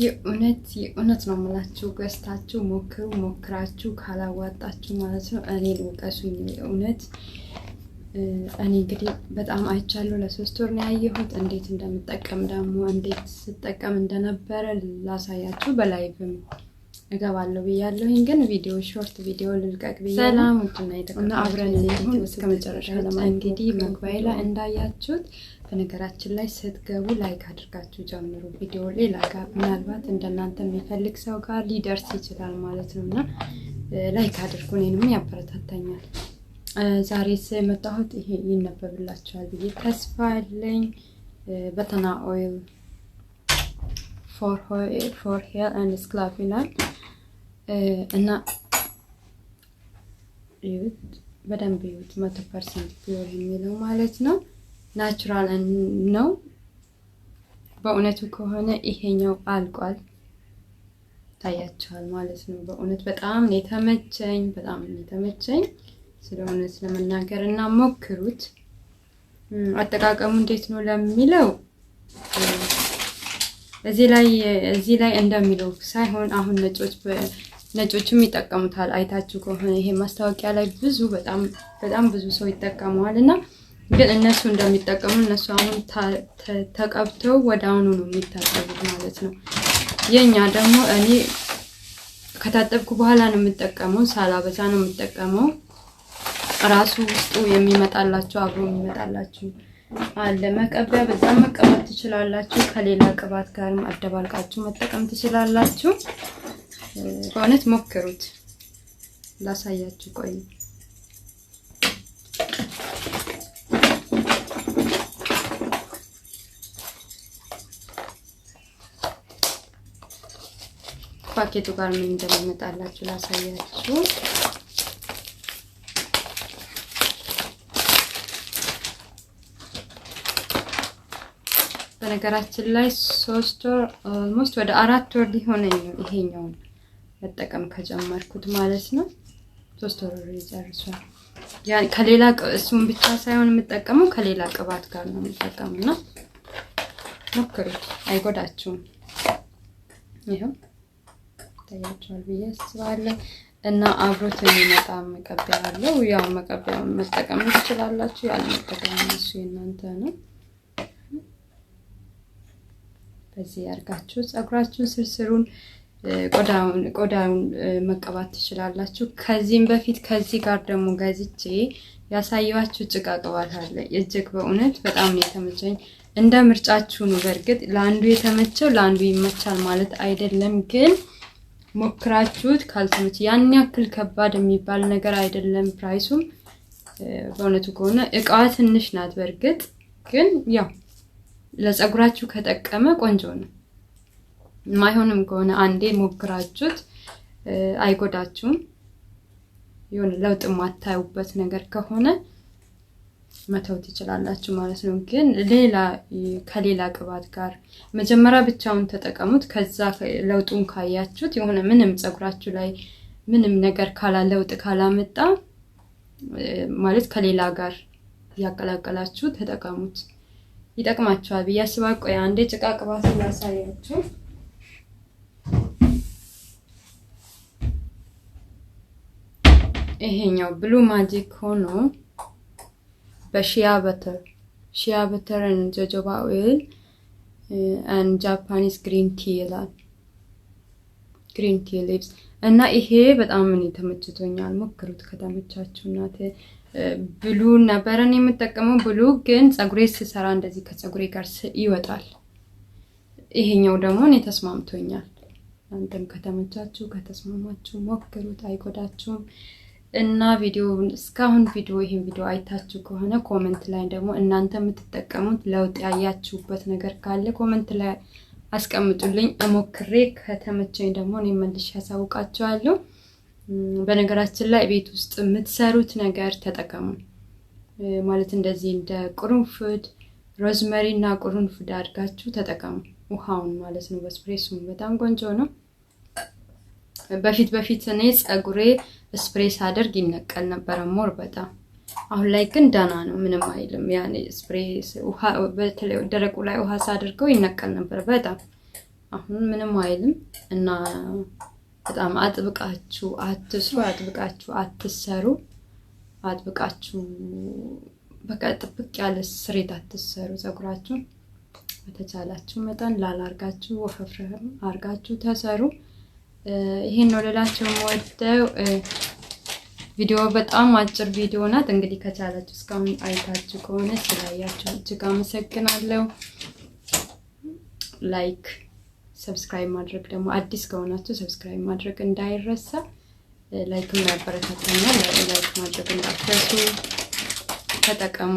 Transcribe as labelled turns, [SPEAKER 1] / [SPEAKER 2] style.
[SPEAKER 1] የእውነት የእውነት ነው የምላችሁ፣ ገዝታችሁ ሞክሩ። ሞክራችሁ ካላዋጣችሁ ማለት ነው እኔ ልውቀሱኝ። የእውነት እኔ እንግዲህ በጣም አይቻለሁ። ለሶስት ወር ነው ያየሁት። እንዴት እንደምጠቀም ደግሞ እንዴት ስጠቀም እንደነበረ ላሳያችሁ በላይቭም እገባለሁ ብያለሁኝ፣ ግን ቪዲዮ ሾርት ቪዲዮ ልልቀቅ ብዬ
[SPEAKER 2] ሰላም ውድና የተከበራችሁ እስከ መጨረሻ
[SPEAKER 1] እንግዲህ መግባኤ ላይ እንዳያችሁት በነገራችን ላይ ስትገቡ ላይክ አድርጋችሁ ጀምሩ። ቪዲዮ ሌላ ጋር ምናልባት እንደናንተ የሚፈልግ ሰው ጋር ሊደርስ ይችላል ማለት ነው እና ላይክ አድርጉ፣ እኔንም ያበረታታኛል። ዛሬ ስ የመጣሁት ይሄ ይነበብላችኋል ብዬ ተስፋ አለኝ በተና ኦይል ፎር ሄር አንድ ስክላፍ ይላል እና በደንብ ይዩት። መቶ ፐርሰንት ፒዮር የሚለው ማለት ነው ናቹራል ነው። በእውነቱ ከሆነ ይሄኛው አልቋል ታያቸዋል ማለት ነው። በእውነት በጣም ነው የተመቸኝ፣ በጣም ነው የተመቸኝ ስለሆነ ስለመናገር እና ሞክሩት። አጠቃቀሙ እንዴት ነው ለሚለው እዚህ ላይ እዚህ ላይ እንደሚለው ሳይሆን አሁን ነጮች ነጮችም ይጠቀሙታል። አይታችሁ ከሆነ ይሄ ማስታወቂያ ላይ ብዙ በጣም በጣም ብዙ ሰው ይጠቀመዋል። እና ግን እነሱ እንደሚጠቀሙ እነሱ አሁን ተቀብተው ወደ አሁኑ ነው የሚታጠቡት ማለት ነው። የኛ ደግሞ እኔ ከታጠብኩ በኋላ ነው የምጠቀመው። ሳላበሳ ነው የምጠቀመው። ራሱ ውስጡ የሚመጣላቸው አብሮ የሚመጣላቸው ። አለ። መቀቢያ በዛም መቀባት ትችላላችሁ። ከሌላ ቅባት ጋርም አደባልቃችሁ መጠቀም ትችላላችሁ። በእውነት ሞክሩት። ላሳያችሁ ቆይ ፓኬቱ ጋር ምን እንደሚመጣላችሁ ላሳያችሁ። በነገራችን ላይ ሶስት ወር ኦልሞስት ወደ አራት ወር ሊሆነኝ ይሄኛውን መጠቀም ከጀመርኩት ማለት ነው። ሶስት ወር ይጨርሷል። ያን ከሌላ እሱን ብቻ ሳይሆን የምጠቀመው ከሌላ ቅባት ጋር ነው የምጠቀምና ሞክሩት፣ አይጎዳችሁም። ይሄው ታያችኋል ብዬ አስባለሁ። እና አብሮት የሚመጣ መቀበያ አለው። ያው መቀበያ መጠቀም ትችላላችሁ፣ ያለ መጠቀም እሱ የእናንተ ነው። በዚህ ያርጋችሁ ጸጉራችሁን ስርስሩን ቆዳውን መቀባት ትችላላችሁ። ከዚህም በፊት ከዚህ ጋር ደግሞ ገዝቼ ያሳየኋችሁ ጭቃ ቅባት አለ። እጅግ በእውነት በጣም ነው የተመቸኝ። እንደ ምርጫችሁ ነው። በእርግጥ ለአንዱ የተመቸው ለአንዱ ይመቻል ማለት አይደለም፣ ግን ሞክራችሁት ካልተመች ያን ያክል ከባድ የሚባል ነገር አይደለም። ፕራይሱም በእውነቱ ከሆነ እቃዋ ትንሽ ናት። በእርግጥ ግን ያው ለፀጉራችሁ ከጠቀመ ቆንጆ ነው። ማይሆንም ከሆነ አንዴ ሞግራችሁት አይጎዳችሁም። የሆነ ለውጥ የማታዩበት ነገር ከሆነ መተው ትችላላችሁ ማለት ነው። ግን ሌላ ከሌላ ቅባት ጋር መጀመሪያ ብቻውን ተጠቀሙት። ከዛ ለውጡን ካያችሁት የሆነ ምንም ፀጉራችሁ ላይ ምንም ነገር ካላ ለውጥ ካላመጣ ማለት ከሌላ ጋር ያቀላቀላችሁ ተጠቀሙት። ይጠቅማቸዋል ብዬ አስባለሁ። ቆይ አንዴ ጭቃ ቅባት ላሳያችሁ። ይሄኛው ብሉ ማጂክ ሆኖ በሺያ በተር ሺያ በተር ጆጆባ ኦይል አንድ ጃፓኒስ ግሪን ቲ ይላል። ግሪን ቲ ሊቭስ እና ይሄ በጣም እኔ ተመችቶኛል። ሞክሩት ከተመቻችሁ እናቴ ብሉ ነበረን የምጠቀመው ብሉ ግን ፀጉሬ ስሰራ እንደዚህ ከፀጉሬ ጋር ይወጣል። ይሄኛው ደግሞ እኔ ተስማምቶኛል። እናንተም ከተመቻችሁ ከተስማማችሁ ሞክሩት፣ አይጎዳችሁም። እና ቪዲዮ እስካሁን ቪዲዮ ይሄን ቪዲዮ አይታችሁ ከሆነ ኮመንት ላይ ደግሞ እናንተ የምትጠቀሙት ለውጥ ያያችሁበት ነገር ካለ ኮመንት ላይ አስቀምጡልኝ። እሞክሬ ከተመቸኝ ደግሞ እኔ መልሼ ያሳውቃችኋለሁ። በነገራችን ላይ ቤት ውስጥ የምትሰሩት ነገር ተጠቀሙ። ማለት እንደዚህ እንደ ቁርንፉድ፣ ሮዝመሪ እና ቁርንፉድ አድርጋችሁ ተጠቀሙ። ውሃውን ማለት ነው። በስፕሬሱም በጣም ቆንጆ ነው። በፊት በፊት እኔ ጸጉሬ ስፕሬስ አድርግ ይነቀል ነበረ ሞር በጣም አሁን ላይ ግን ደህና ነው፣ ምንም አይልም። ያኔ ስፕሬስ ደረቁ ላይ ውሃ ሳደርገው ይነቀል ነበር በጣም አሁን ምንም አይልም እና በጣም አጥብቃችሁ አትስሩ፣ አጥብቃችሁ አትሰሩ፣ አጥብቃችሁ በቃ ጥብቅ ያለ ስሬት አትሰሩ። ፀጉራችሁን በተቻላችሁ መጠን ላላርጋችሁ ወፈፍረም አርጋችሁ ተሰሩ። ይሄን ነው ልላችሁ የምወደው። ቪዲዮ በጣም አጭር ቪዲዮ ናት። እንግዲህ ከቻላችሁ እስካሁን አይታችሁ ከሆነ ስላያችሁ እጅግ አመሰግናለሁ። ላይክ ሰብስክራይብ ማድረግ ደግሞ አዲስ ከሆናችሁ ሰብስክራይብ ማድረግ እንዳይረሳ፣ ላይክ ያበረታታኛል። ላይክ ማድረግ እንዳትረሱ፣ ተጠቀሙ።